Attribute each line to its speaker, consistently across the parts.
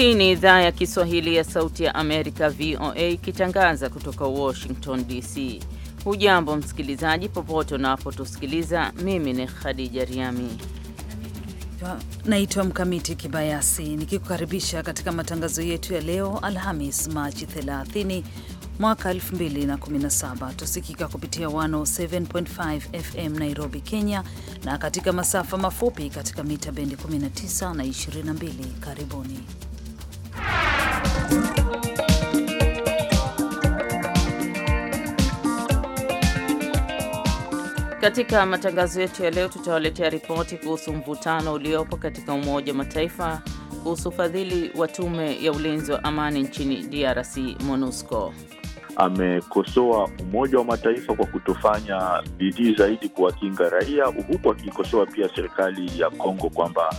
Speaker 1: Hii ni idhaa ya Kiswahili ya Sauti ya Amerika, VOA, ikitangaza kutoka Washington DC. Hujambo msikilizaji, popote unapotusikiliza. Mimi ni Khadija Riami
Speaker 2: naitwa Mkamiti Kibayasi nikikukaribisha katika matangazo yetu ya leo Alhamis, Machi 30 mwaka 2017. Tusikika kupitia 107.5 FM Nairobi, Kenya, na katika masafa mafupi katika mita bendi 19 na 22. Karibuni.
Speaker 1: Katika matangazo yetu ya leo tutawaletea ripoti kuhusu mvutano uliopo katika Umoja wa Mataifa kuhusu ufadhili wa tume ya ulinzi wa amani nchini DRC MONUSCO.
Speaker 3: Amekosoa Umoja wa Mataifa kwa kutofanya bidii zaidi kuwakinga raia, huku akikosoa pia serikali ya Kongo kwamba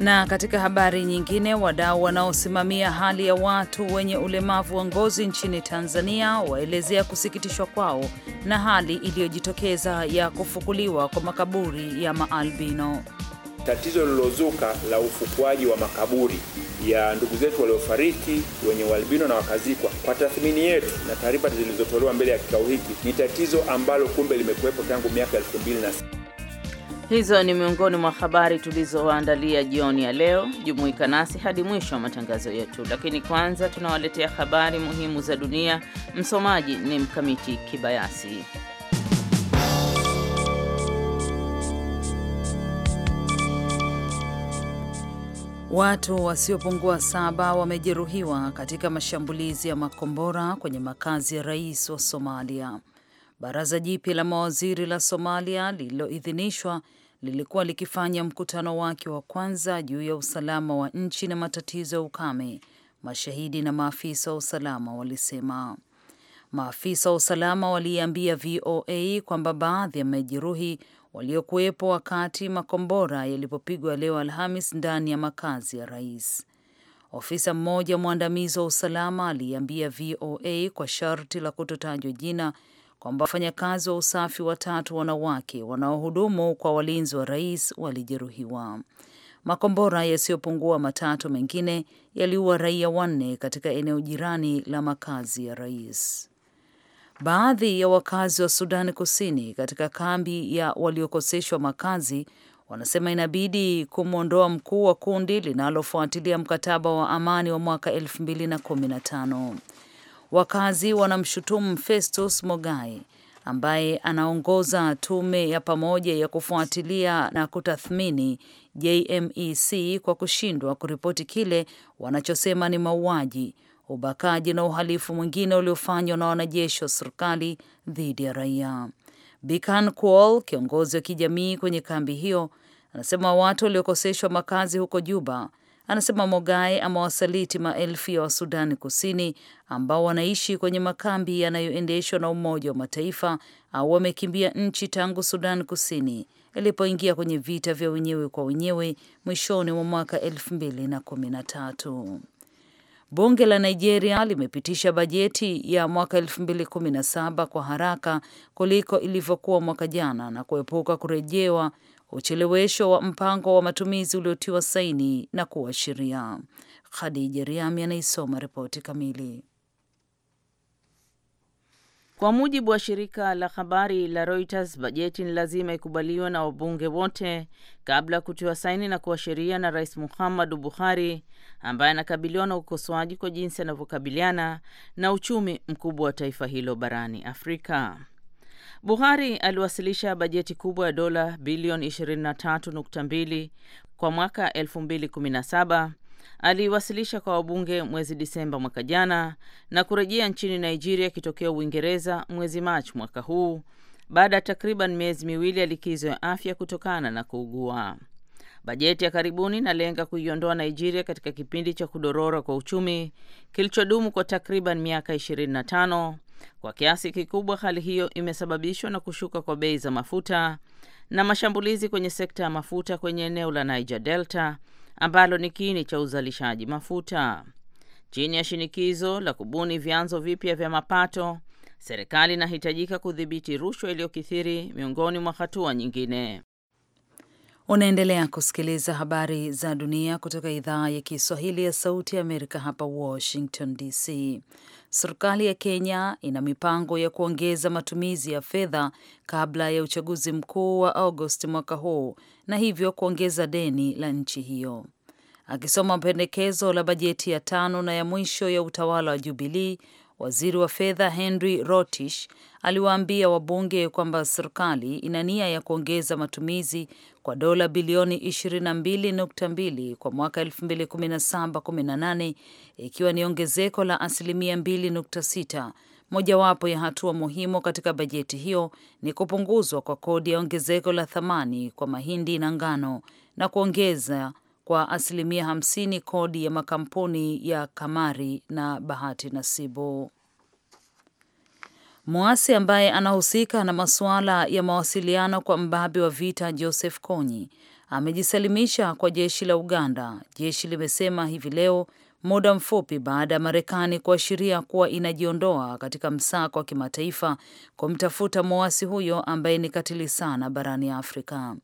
Speaker 2: na katika habari nyingine, wadau wanaosimamia hali ya watu wenye ulemavu wa ngozi nchini Tanzania waelezea kusikitishwa kwao na hali iliyojitokeza ya kufukuliwa kwa makaburi ya maalbino.
Speaker 4: Tatizo lililozuka la ufukuaji wa makaburi ya ndugu zetu waliofariki wenye ualbino na wakazikwa, kwa tathmini yetu na taarifa zilizotolewa mbele ya kikao hiki, ni tatizo ambalo kumbe limekuwepo tangu miaka elfu mbili na sita.
Speaker 1: Hizo ni miongoni mwa habari tulizowaandalia jioni ya leo. Jumuika nasi hadi mwisho wa matangazo yetu, lakini kwanza tunawaletea habari muhimu za dunia. Msomaji ni Mkamiti Kibayasi.
Speaker 2: Watu wasiopungua saba wamejeruhiwa katika mashambulizi ya makombora kwenye makazi ya rais wa Somalia. Baraza jipya la mawaziri la Somalia lililoidhinishwa lilikuwa likifanya mkutano wake wa kwanza juu ya usalama wa nchi na matatizo ya ukame, mashahidi na maafisa wa usalama walisema. Maafisa wa usalama waliambia VOA kwamba baadhi ya majeruhi waliokuwepo wakati makombora yalipopigwa leo Alhamis ndani ya makazi ya rais. Ofisa mmoja mwandamizi wa usalama aliambia VOA kwa sharti la kutotajwa jina kwamba wafanyakazi wa usafi watatu wanawake wanaohudumu kwa walinzi wa rais walijeruhiwa. Makombora yasiyopungua matatu mengine yaliua raia wanne katika eneo jirani la makazi ya rais. Baadhi ya wakazi wa Sudani Kusini katika kambi ya waliokoseshwa makazi wanasema inabidi kumwondoa mkuu wa kundi linalofuatilia mkataba wa amani wa mwaka 2015. Wakazi wanamshutumu Festus Mogae ambaye anaongoza tume ya pamoja ya kufuatilia na kutathmini JMEC kwa kushindwa kuripoti kile wanachosema ni mauaji, ubakaji na uhalifu mwingine uliofanywa na wanajeshi wa serikali dhidi ya raia. Bikan Kuol, kiongozi wa kijamii kwenye kambi hiyo, anasema watu waliokoseshwa makazi huko Juba anasema Mogae amewasaliti maelfu ya Wasudani Kusini ambao wanaishi kwenye makambi yanayoendeshwa na Umoja wa Mataifa au wamekimbia nchi tangu Sudan Kusini ilipoingia kwenye vita vya wenyewe kwa wenyewe mwishoni mwa mwaka elfu mbili na kumi na tatu. Bunge la Nigeria limepitisha bajeti ya mwaka 2017 kwa haraka kuliko ilivyokuwa mwaka jana na kuepuka kurejewa uchelewesho wa mpango wa matumizi uliotiwa saini na kuwa sheria. Khadija Riami anaisoma ripoti kamili. Kwa
Speaker 1: mujibu wa shirika la habari la Reuters, bajeti ni lazima ikubaliwe na wabunge wote kabla ya kutiwa saini na kuwa sheria na Rais Muhammadu Buhari, ambaye anakabiliwa na ukosoaji kwa jinsi anavyokabiliana na uchumi mkubwa wa taifa hilo barani Afrika. Buhari aliwasilisha bajeti kubwa ya dola bilioni 23.2 kwa mwaka 2017. Aliiwasilisha kwa wabunge mwezi Disemba mwaka jana na kurejea nchini Nigeria akitokea Uingereza mwezi Machi mwaka huu baada ya takriban miezi miwili ya likizo ya afya kutokana na kuugua. Bajeti ya karibuni inalenga kuiondoa Nigeria katika kipindi cha kudorora kwa uchumi kilichodumu kwa takriban miaka tano kwa kiasi kikubwa hali hiyo imesababishwa na kushuka kwa bei za mafuta na mashambulizi kwenye sekta ya mafuta kwenye eneo la Niger Delta ambalo ni kiini cha uzalishaji mafuta. Chini ya shinikizo la kubuni vyanzo vipya vya mapato, serikali inahitajika kudhibiti rushwa iliyokithiri miongoni mwa hatua nyingine.
Speaker 2: Unaendelea kusikiliza habari za dunia kutoka idhaa ya Kiswahili ya Sauti ya Amerika hapa Washington DC serikali ya Kenya ina mipango ya kuongeza matumizi ya fedha kabla ya uchaguzi mkuu wa Agosti mwaka huu na hivyo kuongeza deni la nchi hiyo. Akisoma pendekezo la bajeti ya tano na ya mwisho ya utawala wa Jubilii, waziri wa fedha Henry rotish aliwaambia wabunge kwamba serikali ina nia ya kuongeza matumizi kwa dola bilioni 22.2 kwa mwaka 2017-18 ikiwa ni ongezeko la asilimia 2.6. Mojawapo ya hatua muhimu katika bajeti hiyo ni kupunguzwa kwa kodi ya ongezeko la thamani kwa mahindi na ngano na kuongeza kwa asilimia 50 kodi ya makampuni ya kamari na bahati nasibu. Mwasi ambaye anahusika na masuala ya mawasiliano kwa mbabe wa vita Joseph Kony amejisalimisha kwa jeshi la Uganda, jeshi limesema hivi leo, muda mfupi baada ya Marekani kuashiria kuwa inajiondoa katika msako wa kimataifa kumtafuta mwasi huyo ambaye ni katili sana barani Afrika.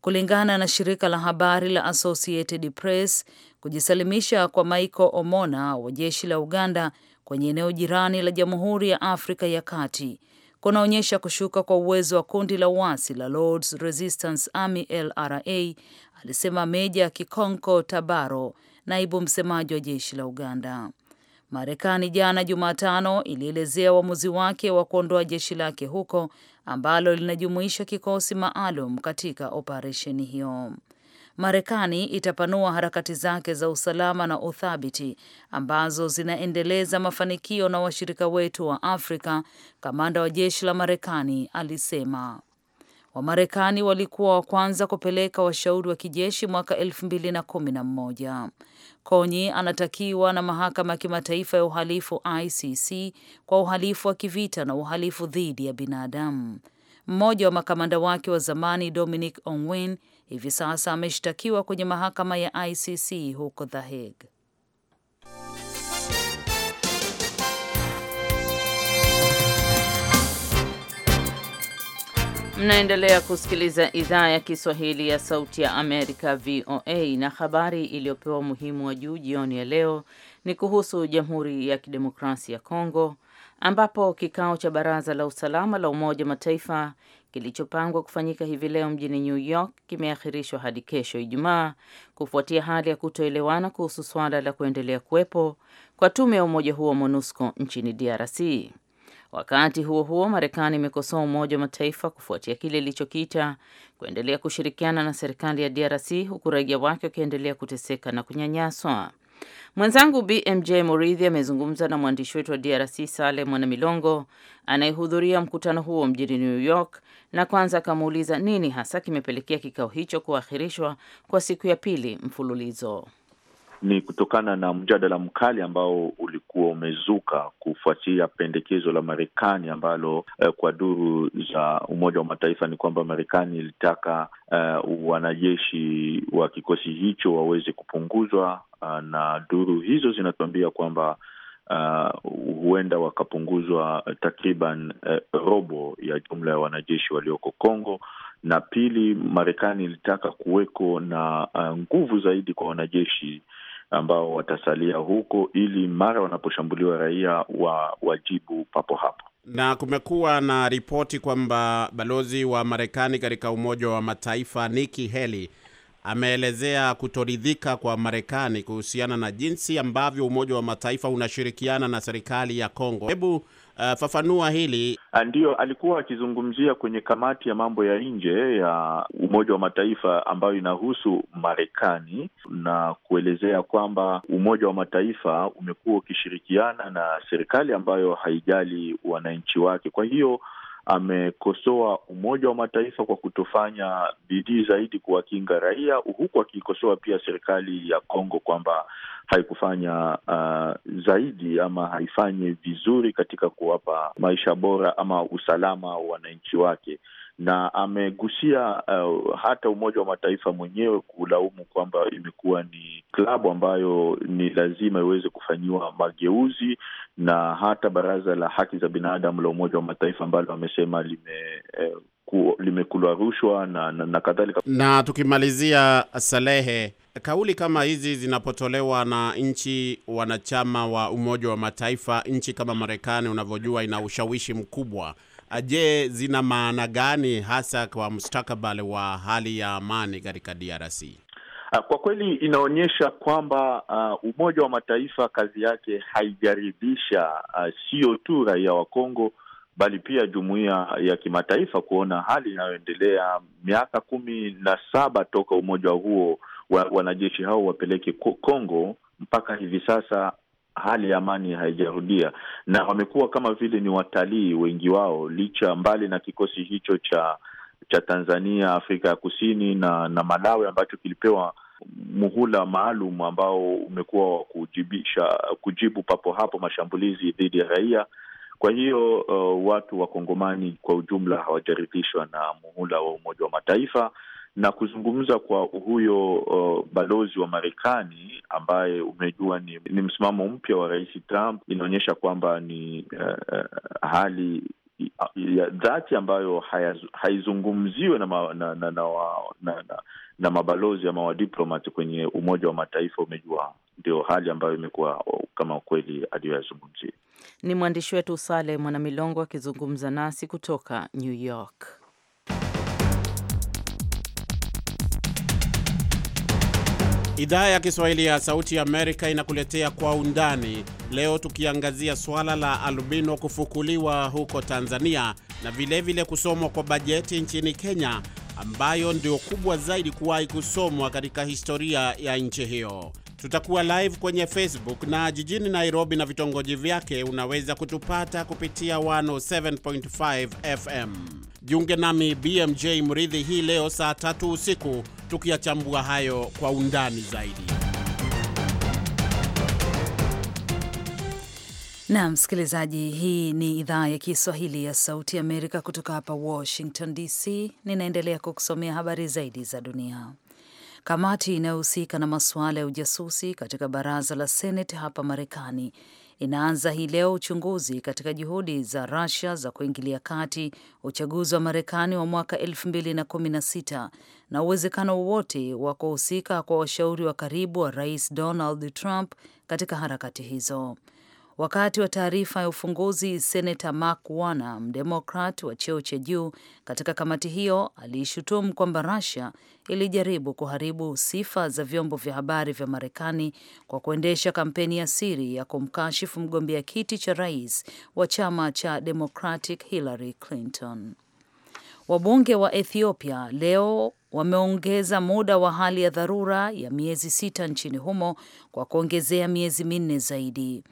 Speaker 2: Kulingana na shirika la habari la Associated Press, kujisalimisha kwa Michael Omona wa jeshi la Uganda kwenye eneo jirani la Jamhuri ya Afrika ya Kati kunaonyesha kushuka kwa uwezo wa kundi la uasi la Lords Resistance Army LRA, alisema Meja Kikonko Tabaro, naibu msemaji wa jeshi la Uganda. Marekani jana Jumatano ilielezea uamuzi wake wa kuondoa jeshi lake huko ambalo linajumuisha kikosi maalum katika operesheni hiyo. Marekani itapanua harakati zake za usalama na uthabiti ambazo zinaendeleza mafanikio na washirika wetu wa Afrika, kamanda wa jeshi la Marekani alisema. Wamarekani walikuwa wa kwanza kupeleka washauri wa kijeshi mwaka elfu mbili na kumi na mmoja. Konyi anatakiwa na mahakama ya kimataifa ya uhalifu ICC kwa uhalifu wa kivita na uhalifu dhidi ya binadamu. Mmoja wa makamanda wake wa zamani Dominic Ongwen hivi sasa ameshtakiwa kwenye mahakama ya ICC huko The Hague.
Speaker 1: Mnaendelea kusikiliza idhaa ya Kiswahili ya Sauti ya Amerika, VOA, na habari iliyopewa umuhimu wa juu jioni ya leo ni kuhusu Jamhuri ya Kidemokrasia ya Kongo ambapo kikao cha Baraza la Usalama la Umoja wa Mataifa kilichopangwa kufanyika hivi leo mjini New York kimeahirishwa hadi kesho Ijumaa kufuatia hali ya kutoelewana kuhusu suala la kuendelea kuwepo kwa tume ya umoja huo MONUSCO nchini DRC. Wakati huo huo, Marekani imekosoa Umoja wa Mataifa kufuatia kile ilichokiita kuendelea kushirikiana na serikali ya DRC huku raia wake wakiendelea kuteseka na kunyanyaswa. Mwenzangu BMJ Muridhi amezungumza na mwandishi wetu wa DRC Sale Mwana Milongo anayehudhuria mkutano huo mjini New York, na kwanza akamuuliza nini hasa kimepelekea kikao hicho kuahirishwa kwa siku ya pili mfululizo
Speaker 3: ni kutokana na mjadala mkali ambao ulikuwa umezuka kufuatia pendekezo la Marekani ambalo eh, kwa duru za Umoja wa Mataifa ni kwamba Marekani ilitaka eh, wanajeshi wa kikosi hicho waweze kupunguzwa, eh, na duru hizo zinatuambia kwamba Uh, huenda wakapunguzwa takriban uh, robo ya jumla ya wanajeshi walioko Kongo, na pili, Marekani ilitaka kuweko na uh, nguvu zaidi kwa wanajeshi ambao watasalia huko ili mara wanaposhambuliwa raia wa wajibu papo hapo.
Speaker 5: Na kumekuwa na ripoti kwamba balozi wa Marekani katika Umoja wa Mataifa Nikki Haley ameelezea kutoridhika kwa Marekani kuhusiana na jinsi ambavyo Umoja wa Mataifa unashirikiana na serikali ya Kongo. Hebu Uh, fafanua hili.
Speaker 3: Ah, Ndiyo, alikuwa akizungumzia kwenye kamati ya mambo ya nje ya Umoja wa Mataifa ambayo inahusu Marekani na kuelezea kwamba Umoja wa Mataifa umekuwa ukishirikiana na serikali ambayo haijali wananchi wake. Kwa hiyo amekosoa Umoja wa Mataifa kwa kutofanya bidii zaidi kuwakinga raia, huku akiikosoa pia serikali ya Kongo kwamba haikufanya uh, zaidi ama haifanyi vizuri katika kuwapa maisha bora ama usalama wa wananchi wake na amegusia uh, hata Umoja wa Mataifa mwenyewe kulaumu kwamba imekuwa ni klabu ambayo ni lazima iweze kufanyiwa mageuzi, na hata Baraza la Haki za Binadamu la Umoja wa Mataifa ambalo amesema lime eh, limekulwa rushwa na, na, na kadhalika. Na
Speaker 5: tukimalizia, Salehe, kauli kama hizi zinapotolewa na nchi wanachama wa Umoja wa Mataifa, nchi kama Marekani unavyojua ina ushawishi mkubwa Ah, je, zina maana gani hasa kwa mustakabali wa hali ya amani
Speaker 3: katika DRC? Ah, kwa kweli inaonyesha kwamba uh, Umoja wa Mataifa kazi yake haijaridhisha sio uh, tu raia wa Kongo bali pia jumuiya ya kimataifa kuona hali inayoendelea. Miaka kumi na saba toka umoja huo wa, wanajeshi hao wapeleke Kongo, mpaka hivi sasa hali ya amani haijarudia, na wamekuwa kama vile ni watalii wengi wao, licha mbali na kikosi hicho cha cha Tanzania, Afrika ya Kusini na na Malawi ambacho kilipewa muhula maalum ambao umekuwa wa kujibu papo hapo mashambulizi dhidi ya raia. Kwa hiyo uh, watu wa Kongomani kwa ujumla hawajaridhishwa na muhula wa Umoja wa Mataifa na kuzungumza kwa huyo uh, balozi wa Marekani ambaye umejua ni, ni msimamo mpya wa Rais Trump, inaonyesha kwamba ni uh, uh, hali ya dhati ambayo haizungumziwe na, ma, na, na, na, na, na, na mabalozi ama wadiplomat kwenye Umoja wa Mataifa. Umejua ndio hali ambayo imekuwa uh, kama kweli aliyoyazungumzia.
Speaker 1: Ni mwandishi wetu Sale Mwanamilongo akizungumza nasi kutoka New York.
Speaker 5: Idhaa ya Kiswahili ya Sauti ya Amerika inakuletea Kwa Undani leo, tukiangazia swala la albino kufukuliwa huko Tanzania na vilevile kusomwa kwa bajeti nchini Kenya ambayo ndio kubwa zaidi kuwahi kusomwa katika historia ya nchi hiyo. Tutakuwa live kwenye Facebook na jijini Nairobi na vitongoji vyake unaweza kutupata kupitia 107.5 FM. Jiunge nami BMJ Mridhi hii leo saa tatu usiku tukiyachambua hayo kwa undani zaidi.
Speaker 2: na msikilizaji, hii ni idhaa ya Kiswahili ya Sauti Amerika kutoka hapa Washington DC. Ninaendelea kukusomea habari zaidi za dunia. Kamati inayohusika na masuala ya ujasusi katika baraza la Seneti hapa Marekani inaanza hii leo uchunguzi katika juhudi za Russia za kuingilia kati uchaguzi wa Marekani wa mwaka 2016 na uwezekano wowote wa kuhusika kwa washauri wa karibu wa Rais Donald Trump katika harakati hizo. Wakati wa taarifa ya ufunguzi, Senata Mark Warner, mdemokrat wa cheo cha juu katika kamati hiyo, aliishutumu kwamba Russia ilijaribu kuharibu sifa za vyombo vya habari vya Marekani kwa kuendesha kampeni ya siri ya kumkashifu mgombea kiti cha rais wa chama cha Democratic Hillary Clinton. Wabunge wa Ethiopia leo wameongeza muda wa hali ya dharura ya miezi sita nchini humo kwa kuongezea miezi minne zaidi.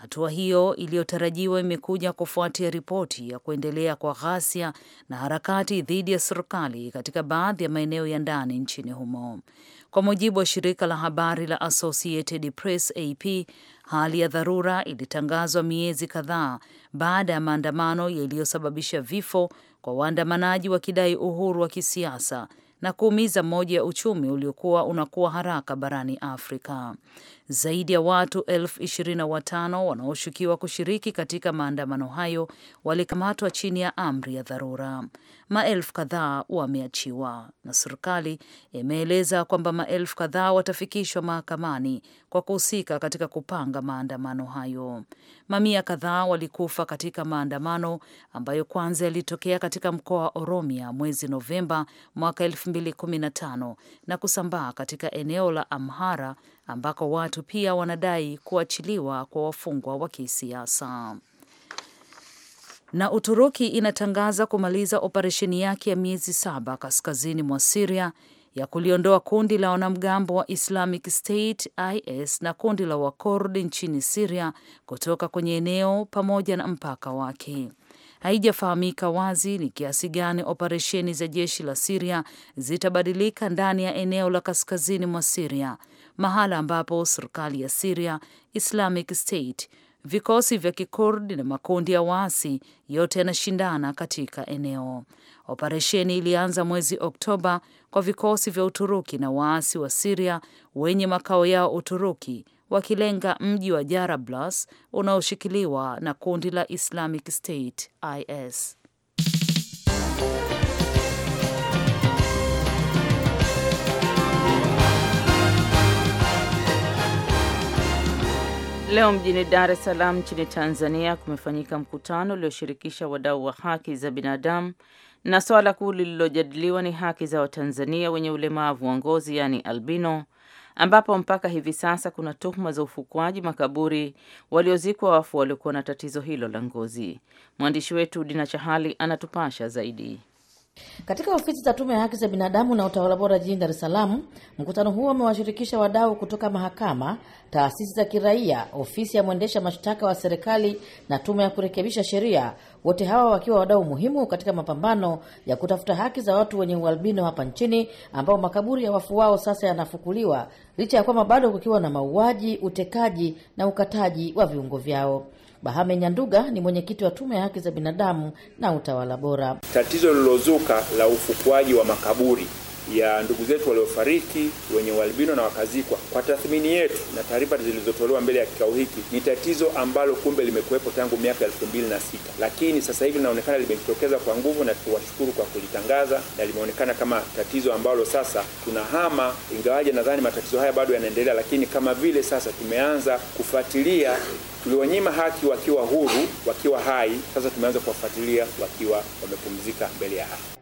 Speaker 2: Hatua hiyo iliyotarajiwa imekuja kufuatia ripoti ya kuendelea kwa ghasia na harakati dhidi ya serikali katika baadhi ya maeneo ya ndani nchini humo. Kwa mujibu wa shirika la habari la Associated Press AP, hali ya dharura ilitangazwa miezi kadhaa baada ya maandamano yaliyosababisha vifo kwa waandamanaji wakidai uhuru wa kisiasa na kuumiza moja ya uchumi uliokuwa unakuwa haraka barani Afrika. Zaidi ya watu elfu ishirini na watano wanaoshukiwa kushiriki katika maandamano hayo walikamatwa chini ya amri ya dharura. Maelfu kadhaa wameachiwa, na serikali imeeleza kwamba maelfu kadhaa watafikishwa mahakamani kwa kuhusika katika kupanga maandamano hayo. Mamia kadhaa walikufa katika maandamano ambayo kwanza yalitokea katika mkoa wa Oromia mwezi Novemba mwaka 2015 na kusambaa katika eneo la Amhara ambako watu pia wanadai kuachiliwa kwa wafungwa wa kisiasa. Na Uturuki inatangaza kumaliza operesheni yake ya miezi saba kaskazini mwa Siria ya kuliondoa kundi la wanamgambo wa Islamic State IS na kundi la Wakurdi nchini Siria kutoka kwenye eneo pamoja na mpaka wake. Haijafahamika wazi ni kiasi gani operesheni za jeshi la Siria zitabadilika ndani ya eneo la kaskazini mwa Siria mahala ambapo serikali ya Syria, Islamic State, vikosi vya Kikurdi na makundi ya waasi yote yanashindana katika eneo. Operesheni ilianza mwezi Oktoba kwa vikosi vya Uturuki na waasi wa Siria wenye makao yao Uturuki wakilenga mji wa Jarablus unaoshikiliwa na kundi la Islamic State IS.
Speaker 1: Leo mjini Dar es Salaam nchini Tanzania kumefanyika mkutano ulioshirikisha wadau wa haki za binadamu na swala kuu lililojadiliwa ni haki za Watanzania wenye ulemavu wa ngozi yaani albino, ambapo mpaka hivi sasa kuna tuhuma za ufukuaji makaburi waliozikwa wafu waliokuwa na tatizo hilo la ngozi. Mwandishi wetu Dina Chahali anatupasha zaidi.
Speaker 6: Katika ofisi za Tume ya Haki za Binadamu na Utawala Bora jijini Dar es Salaam, mkutano huo umewashirikisha wadau kutoka mahakama, taasisi za kiraia, ofisi ya mwendesha mashtaka wa serikali na tume ya kurekebisha sheria, wote hawa wakiwa wadau muhimu katika mapambano ya kutafuta haki za watu wenye ualbino hapa nchini, ambao makaburi ya wafu wao sasa yanafukuliwa licha ya kwamba bado kukiwa na mauaji, utekaji na ukataji wa viungo vyao. Bahame Nyanduga ni mwenyekiti wa Tume ya Haki za Binadamu na Utawala Bora.
Speaker 4: Tatizo lilozuka la ufukuaji wa makaburi ya ndugu zetu waliofariki wenye ualbino na wakazikwa. Kwa tathmini yetu na taarifa zilizotolewa mbele ya kikao hiki, ni tatizo ambalo kumbe limekuwepo tangu miaka elfu mbili na sita lakini sasa hivi linaonekana limejitokeza kwa nguvu, na tuwashukuru kwa kulitangaza, na limeonekana kama tatizo ambalo sasa tunahama, ingawaje nadhani matatizo haya bado yanaendelea, lakini kama vile sasa tumeanza kufuatilia tuliwanyima haki wakiwa huru, wakiwa hai. Sasa tumeanza kuwafuatilia wakiwa wamepumzika mbele ya haki.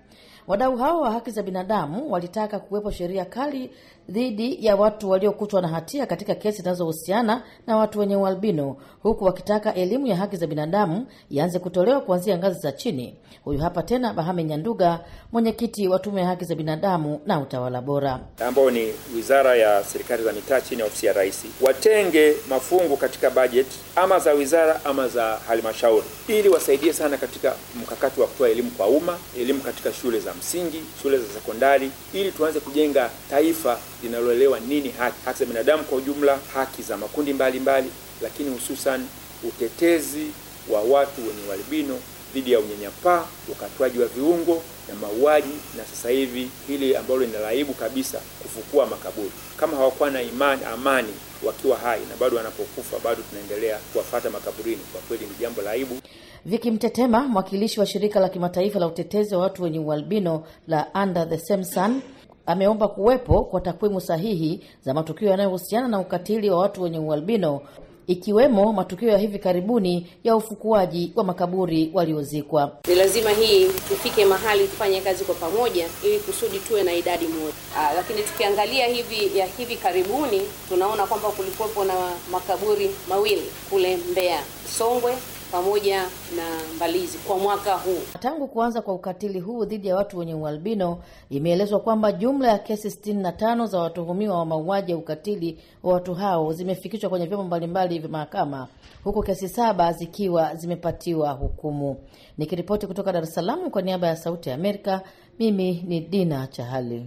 Speaker 6: Wadau hao wa haki za binadamu walitaka kuwepo sheria kali dhidi ya watu waliokutwa na hatia katika kesi zinazohusiana na watu wenye ualbino, huku wakitaka elimu ya haki za binadamu ianze kutolewa kuanzia ngazi za chini. Huyu hapa tena Bahame Nyanduga, mwenyekiti wa Tume ya Haki za Binadamu na Utawala Bora,
Speaker 4: ambayo ni wizara ya serikali za mitaa chini ya ofisi ya rais, watenge mafungu katika bajeti ama za wizara ama za halmashauri, ili wasaidie sana katika mkakati wa kutoa elimu kwa umma, elimu katika shule za msingi, shule za sekondari, ili tuanze kujenga taifa linaloelewa nini haki, haki za binadamu kwa ujumla, haki za makundi mbalimbali mbali, lakini hususan utetezi wa watu wenye ualbino dhidi ya unyanyapaa, ukatwaji wa viungo na mauaji, na sasa hivi hili ambalo linalaibu kabisa, kufukua makaburi. Kama hawakuwa na imani, amani wakiwa hai na bado wanapokufa bado tunaendelea kuwafata makaburini, kwa kweli ni jambo la aibu.
Speaker 6: Viki Mtetema, mwakilishi wa shirika la kimataifa la utetezi wa watu wenye ualbino la Under the Same Sun ameomba kuwepo kwa takwimu sahihi za matukio yanayohusiana na ukatili wa watu wenye ualbino ikiwemo matukio ya hivi karibuni ya ufukuaji wa makaburi waliozikwa.
Speaker 1: Ni lazima hii tufike mahali tufanye kazi kwa pamoja, ili kusudi tuwe na idadi moja. Aa, ah, lakini tukiangalia hivi ya hivi karibuni tunaona kwamba kulikuwepo na makaburi mawili kule mbea Songwe pamoja na Mbalizi kwa mwaka huu.
Speaker 6: Tangu kuanza kwa ukatili huu dhidi ya watu wenye ualbino, imeelezwa kwamba jumla ya kesi 65 za watuhumiwa wa mauaji ya ukatili wa watu hao zimefikishwa kwenye vyombo mbalimbali vya mahakama, huku kesi saba zikiwa zimepatiwa hukumu. Nikiripoti kutoka Dar es Salaam kwa niaba ya Sauti ya Amerika, mimi ni Dina Chahali.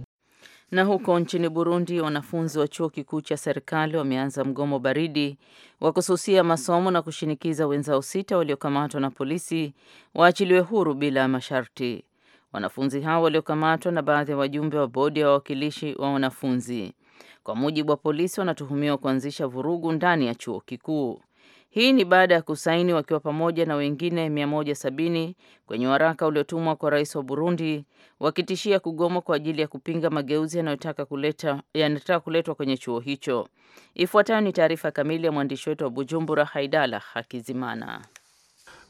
Speaker 1: Na huko nchini Burundi, wanafunzi wa chuo kikuu cha serikali wameanza mgomo baridi wa kususia masomo na kushinikiza wenzao sita waliokamatwa na polisi waachiliwe huru bila masharti. Wanafunzi hao waliokamatwa na baadhi ya wajumbe wa bodi ya wa wawakilishi wa wanafunzi, kwa mujibu wa polisi, wanatuhumiwa kuanzisha vurugu ndani ya chuo kikuu. Hii ni baada ya kusaini wakiwa pamoja na wengine 170 kwenye waraka uliotumwa kwa rais wa Burundi wakitishia kugoma kwa ajili ya kupinga mageuzi yanayotaka kuleta yanataka kuletwa kwenye chuo hicho. Ifuatayo ni taarifa kamili ya mwandishi wetu wa Bujumbura Haidala Hakizimana.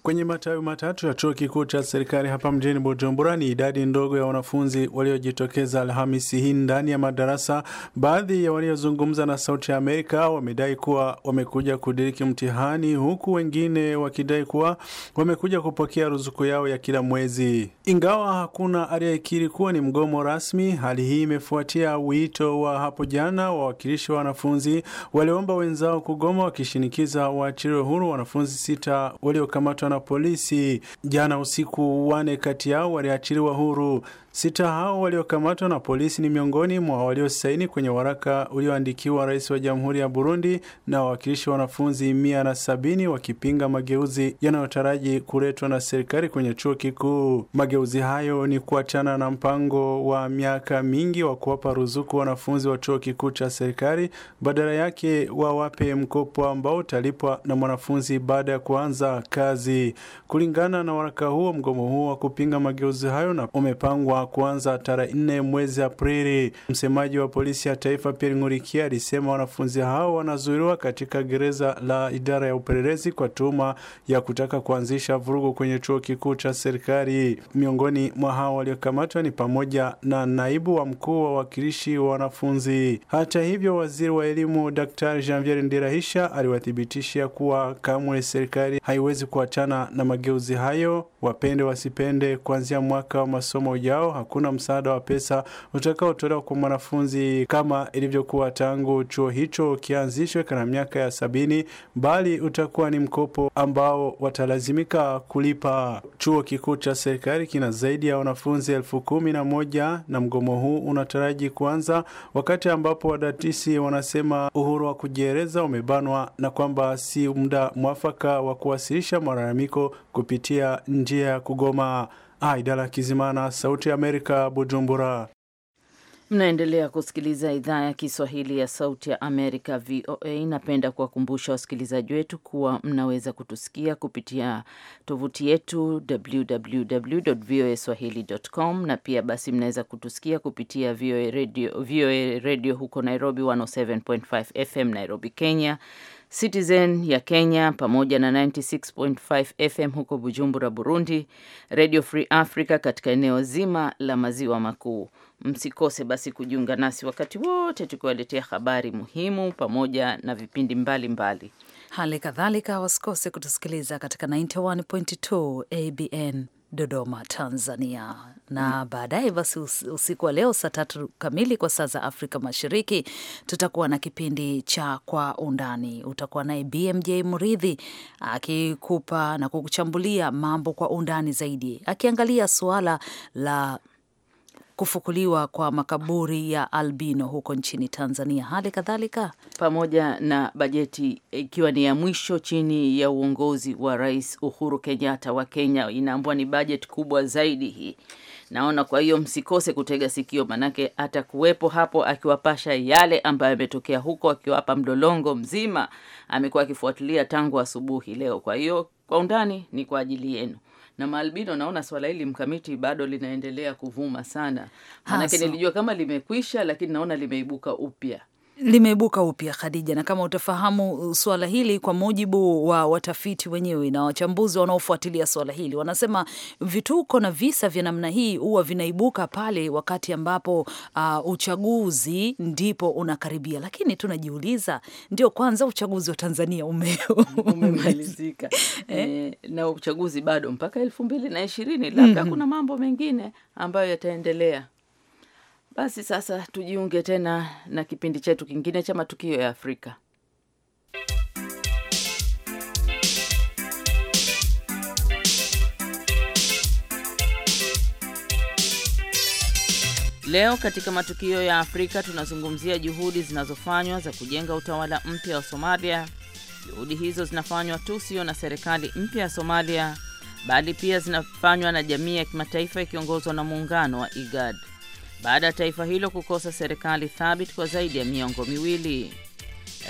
Speaker 7: Kwenye matawi matatu ya chuo kikuu cha serikali hapa mjini Bujumbura ni idadi ndogo ya wanafunzi waliojitokeza Alhamisi hii ndani ya madarasa. Baadhi ya waliozungumza na Sauti ya Amerika wamedai kuwa wamekuja kudiriki mtihani, huku wengine wakidai kuwa wamekuja kupokea ruzuku yao ya kila mwezi, ingawa hakuna aliyekiri kuwa ni mgomo rasmi. Hali hii imefuatia wito wa hapo jana wa wawakilishi wa wanafunzi walioomba wenzao kugoma, wakishinikiza waachiriwe huru wanafunzi sita waliokamatwa na polisi. Jana usiku, wane kati yao waliachiliwa huru. Sita hao waliokamatwa na polisi ni miongoni mwa waliosaini kwenye waraka ulioandikiwa rais wa jamhuri ya Burundi na wawakilishi wa wanafunzi mia na sabini wakipinga mageuzi yanayotaraji kuletwa na serikali kwenye chuo kikuu. Mageuzi hayo ni kuachana na mpango wa miaka mingi wa kuwapa ruzuku wanafunzi wa chuo kikuu cha serikali, badala yake wawape mkopo ambao utalipwa na mwanafunzi baada ya kuanza kazi. Kulingana na waraka huo, mgomo huo wa kupinga mageuzi hayo na umepangwa kuanza tarehe nne mwezi Aprili. Msemaji wa polisi ya taifa Pierre Ngurikia alisema wanafunzi hao wanazuiliwa katika gereza la idara ya upelelezi kwa tuhuma ya kutaka kuanzisha vurugu kwenye chuo kikuu cha serikali. Miongoni mwa hao waliokamatwa ni pamoja na naibu wa mkuu wa wakilishi wa wanafunzi. Hata hivyo, waziri wa elimu Daktari Janvier Ndirahisha aliwathibitishia kuwa kamwe serikali haiwezi kuachana na mageuzi hayo, wapende wasipende, kuanzia mwaka wa masomo ujao hakuna msaada wa pesa utakaotolewa kwa mwanafunzi kama ilivyokuwa tangu chuo hicho kianzishwe kana miaka ya sabini, bali utakuwa ni mkopo ambao watalazimika kulipa. Chuo kikuu cha serikali kina zaidi ya wanafunzi elfu kumi na moja na mgomo huu unataraji kuanza wakati ambapo wadatisi wanasema uhuru wa kujieleza umebanwa na kwamba si muda mwafaka wa kuwasilisha malalamiko kupitia njia ya kugoma. Aidala Kizimana, Sauti ya Amerika, Bujumbura.
Speaker 1: Mnaendelea kusikiliza idhaa ya Kiswahili ya Sauti ya Amerika, VOA. Napenda kuwakumbusha wasikilizaji wetu kuwa mnaweza kutusikia kupitia tovuti yetu www voa swahili.com, na pia basi mnaweza kutusikia kupitia VOA redio, VOA redio huko Nairobi 107.5 FM Nairobi, Kenya Citizen ya Kenya pamoja na 96.5 FM huko Bujumbura, Burundi, Radio Free Africa katika eneo zima la maziwa makuu. Msikose basi kujiunga nasi wakati wote tukiwaletea habari muhimu pamoja na vipindi mbalimbali mbali.
Speaker 2: Hali kadhalika wasikose kutusikiliza katika 91.2 ABN Dodoma, Tanzania. Na baadaye basi, usiku wa leo saa tatu kamili kwa saa za Afrika Mashariki, tutakuwa na kipindi cha Kwa Undani. Utakuwa naye BMJ Mridhi akikupa na kukuchambulia mambo kwa undani zaidi, akiangalia suala la kufukuliwa kwa makaburi ya albino huko nchini Tanzania, hali kadhalika
Speaker 1: pamoja na bajeti ikiwa ni ya mwisho chini ya uongozi wa Rais Uhuru Kenyatta wa Kenya. Inaambua ni bajeti kubwa zaidi hii naona. Kwa hiyo msikose kutega sikio, manake atakuwepo hapo akiwapasha yale ambayo yametokea huko, akiwapa mlolongo mzima. Amekuwa akifuatilia tangu asubuhi leo. Kwa hiyo kwa undani ni kwa ajili yenu na maalbino, naona swala hili mkamiti bado linaendelea kuvuma sana, manake nilijua kama limekwisha, lakini naona limeibuka upya
Speaker 2: limeibuka upya Khadija, na kama utafahamu uh, suala hili, kwa mujibu wa watafiti wenyewe na wachambuzi wanaofuatilia suala hili, wanasema vituko na visa vya namna hii huwa vinaibuka pale wakati ambapo uh, uchaguzi ndipo unakaribia. Lakini tunajiuliza, ndio kwanza uchaguzi wa Tanzania ume umemalizika
Speaker 1: eh? eh, na uchaguzi bado mpaka elfu mbili na ishirini labda mm -hmm. kuna mambo mengine ambayo yataendelea. Basi sasa tujiunge tena na kipindi chetu kingine cha matukio ya Afrika. Leo katika matukio ya Afrika tunazungumzia juhudi zinazofanywa za kujenga utawala mpya wa Somalia. Juhudi hizo zinafanywa tu sio na serikali mpya ya Somalia, bali pia zinafanywa na jamii ya kimataifa ikiongozwa na muungano wa IGAD baada ya taifa hilo kukosa serikali thabiti kwa zaidi ya miongo miwili.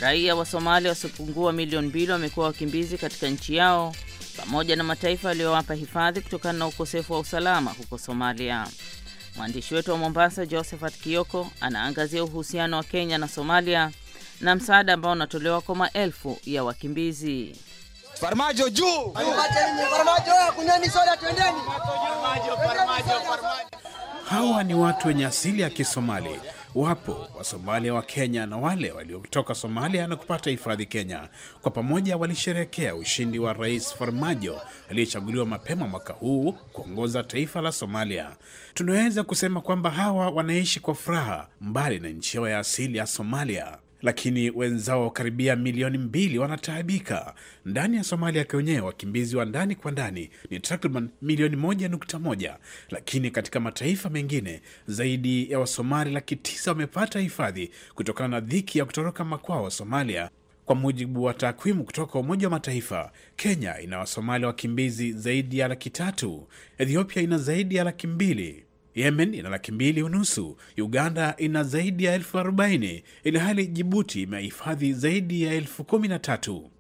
Speaker 1: Raia wa Somalia wasiopungua milioni mbili wamekuwa wakimbizi katika nchi yao pamoja na mataifa yaliyowapa hifadhi kutokana na ukosefu wa usalama huko Somalia. Mwandishi wetu wa Mombasa, Josephat Kioko, anaangazia uhusiano wa Kenya na Somalia na msaada ambao unatolewa kwa maelfu ya wakimbizi. Farmajo juu! Farmajo! Kunyeni soda, twendeni!
Speaker 8: Hawa ni watu wenye asili ya Kisomali. Wapo Wasomalia wa Kenya na wale waliotoka Somalia na kupata hifadhi Kenya. Kwa pamoja walisherehekea ushindi wa Rais Farmajo aliyechaguliwa mapema mwaka huu kuongoza taifa la Somalia. Tunaweza kusema kwamba hawa wanaishi kwa furaha mbali na nchi yao ya asili ya Somalia lakini wenzao karibia milioni mbili wanataabika ndani ya Somalia kwenyewe. Wakimbizi wa ndani kwa ndani ni takriban milioni moja nukta moja, lakini katika mataifa mengine zaidi ya Wasomali laki tisa wamepata hifadhi kutokana na dhiki ya kutoroka makwao wa Somalia. Kwa mujibu wa takwimu kutoka Umoja wa Mataifa, Kenya ina Wasomali wakimbizi zaidi ya laki tatu, Ethiopia ina zaidi ya laki mbili Yemen ina laki mbili unusu, Uganda ina zaidi ya elfu arobaini hali Jibuti imehifadhi zaidi ya elfu kumi na tatu.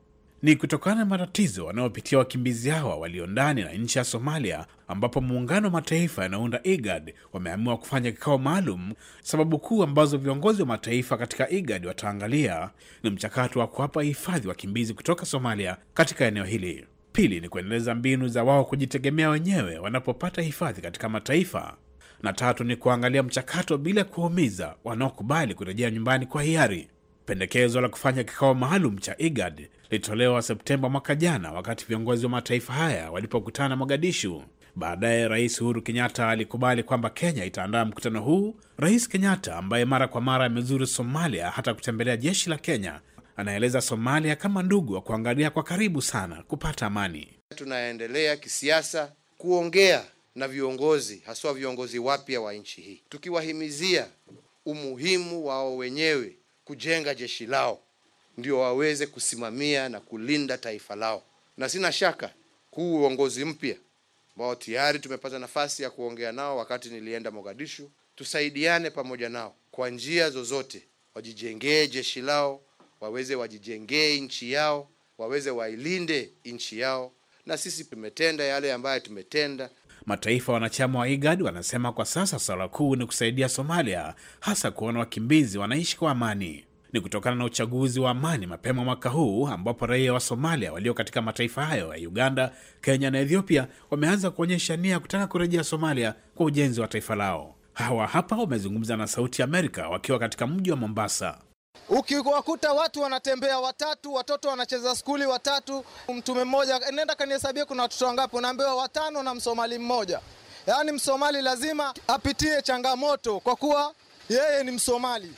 Speaker 8: Ni kutokana na matatizo wanaopitia wakimbizi hawa walio ndani na nchi ya Somalia, ambapo muungano wa mataifa yanaunda IGAD wameamua kufanya kikao maalum. Sababu kuu ambazo viongozi wa mataifa katika IGAD wataangalia ni mchakato wa kuwapa hifadhi wakimbizi kutoka Somalia katika eneo hili. Pili ni kuendeleza mbinu za wao kujitegemea wenyewe wanapopata hifadhi katika mataifa na tatu ni kuangalia mchakato bila kuwaumiza wanaokubali kurejea nyumbani kwa hiari. Pendekezo la kufanya kikao maalum cha IGAD lilitolewa Septemba mwaka jana, wakati viongozi wa mataifa haya walipokutana Mogadishu. Baadaye Rais Uhuru Kenyatta alikubali kwamba Kenya itaandaa mkutano huu. Rais Kenyatta ambaye mara kwa mara amezuru Somalia hata kutembelea jeshi la Kenya, anaeleza Somalia kama ndugu wa kuangalia kwa karibu sana kupata amani. Tunaendelea kisiasa kuongea na viongozi haswa viongozi wapya wa nchi hii, tukiwahimizia umuhimu wao wenyewe kujenga jeshi lao ndio waweze kusimamia na kulinda taifa lao, na sina shaka huu uongozi mpya ambao tayari tumepata nafasi ya kuongea nao wakati nilienda Mogadishu, tusaidiane pamoja nao kwa njia zozote, wajijengee jeshi lao, waweze wajijengee nchi yao, waweze wailinde nchi yao, na sisi tumetenda yale ambayo tumetenda. Mataifa wanachama wa IGAD wanasema kwa sasa swala kuu ni kusaidia Somalia, hasa kuona wakimbizi wanaishi kwa amani. Ni kutokana na uchaguzi wa amani mapema mwaka huu ambapo raia wa Somalia walio katika mataifa hayo ya Uganda, Kenya na Ethiopia wameanza kuonyesha nia ya kutaka kurejea Somalia kwa ujenzi wa taifa lao. Hawa hapa wamezungumza na Sauti Amerika wakiwa katika mji wa Mombasa. Ukiwakuta watu wanatembea watatu, watoto wanacheza skuli watatu, mtume mmoja, nenda kanihesabia kuna watoto wangapi, unaambiwa watano na msomali mmoja. Yaani msomali lazima apitie changamoto kwa kuwa yeye ni msomali.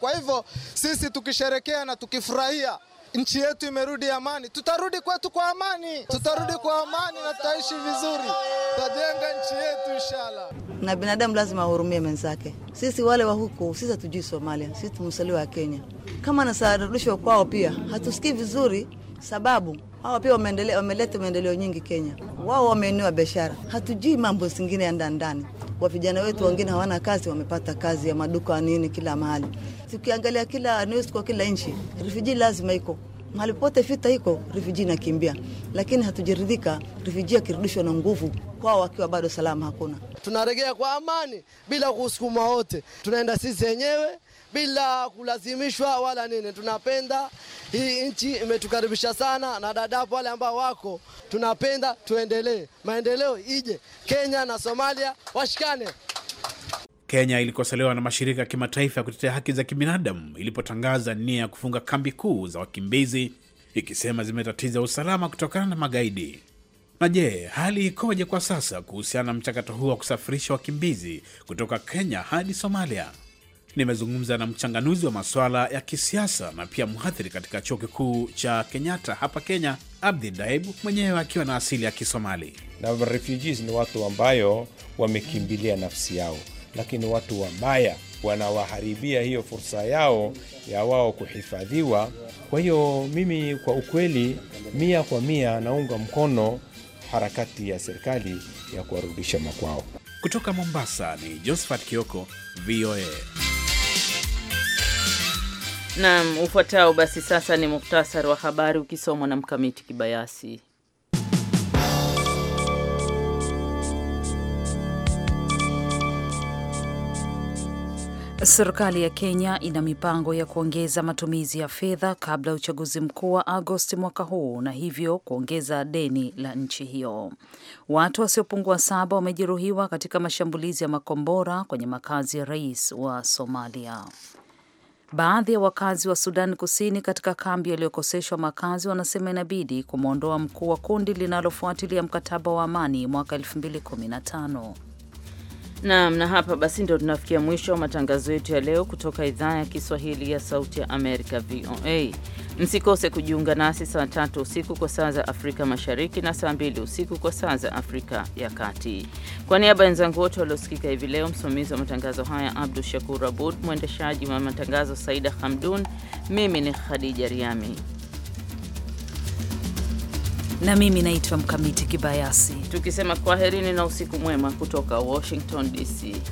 Speaker 1: Kwa hivyo sisi tukisherekea na tukifurahia nchi yetu imerudi amani, tutarudi kwetu kwa amani, tutarudi kwa amani na tutaishi vizuri, tutajenga nchi yetu
Speaker 8: inshallah.
Speaker 2: Na binadamu lazima ahurumie menzake. Sisi wale wa huku, sisi hatujui Somalia, sisi tumesaliwa wa Kenya. Kama nasarudishwa kwao, pia hatusikii vizuri, sababu hao pia wameleta maendeleo nyingi Kenya, wao wameinua biashara, hatujui mambo zingine ya ndani ndani wa vijana wetu wengine hawana kazi, wamepata kazi ya maduka nini, kila mahali. Tukiangalia kila news kwa kila nchi, refugee lazima iko mahali pote, vita iko, refugee nakimbia, lakini hatujaridhika refugee akirudishwa na nguvu kwao wakiwa bado salama, hakuna tunaregea kwa amani bila kusukuma wote, tunaenda sisi wenyewe
Speaker 1: bila kulazimishwa wala nini. Tunapenda hii nchi, imetukaribisha sana, na dadapo wale ambao wako, tunapenda tuendelee, maendeleo ije. Kenya na Somalia washikane.
Speaker 8: Kenya ilikosolewa na mashirika ya kimataifa ya kutetea haki za kibinadamu ilipotangaza nia ya kufunga kambi kuu za wakimbizi ikisema zimetatiza usalama kutokana na magaidi. Na je, hali ikoje kwa sasa kuhusiana na mchakato huu wa kusafirisha wakimbizi kutoka Kenya hadi Somalia? Nimezungumza na mchanganuzi wa masuala ya kisiasa na pia mhadhiri katika chuo kikuu cha Kenyatta hapa Kenya, Abdi Daib, mwenyewe akiwa na asili ya Kisomali. Na refugees ni watu ambayo wamekimbilia nafsi yao, lakini watu wabaya wanawaharibia hiyo
Speaker 4: fursa yao ya wao kuhifadhiwa. Kwa hiyo mimi kwa ukweli, mia kwa mia naunga mkono harakati ya serikali ya kuwarudisha
Speaker 8: makwao. Kutoka Mombasa ni Josephat Kioko, VOA.
Speaker 1: Naam, ufuatao basi sasa ni muhtasari wa habari ukisomwa na Mkamiti Kibayasi.
Speaker 2: Serikali ya Kenya ina mipango ya kuongeza matumizi ya fedha kabla ya uchaguzi mkuu wa Agosti mwaka huu na hivyo kuongeza deni la nchi hiyo. Watu wasiopungua saba wamejeruhiwa katika mashambulizi ya makombora kwenye makazi ya rais wa Somalia. Baadhi ya wakazi wa Sudan Kusini katika kambi yaliyokoseshwa makazi wanasema inabidi kumwondoa mkuu wa kundi linalofuatilia mkataba wa amani mwaka 2015.
Speaker 1: Naam, na hapa basi ndio tunafikia mwisho wa matangazo yetu ya leo kutoka idhaa ya Kiswahili ya Sauti ya Amerika, VOA. Msikose kujiunga nasi saa tatu usiku kwa saa za Afrika Mashariki na saa mbili usiku kwa saa za Afrika ya Kati. Kwa niaba ya wenzangu wote waliosikika hivi leo, msimamizi wa matangazo haya Abdu Shakur Abud, mwendeshaji wa matangazo Saida Hamdun, mimi ni Khadija Riami
Speaker 2: na mimi naitwa Mkamiti Kibayasi,
Speaker 1: tukisema kwaherini na usiku mwema kutoka Washington DC.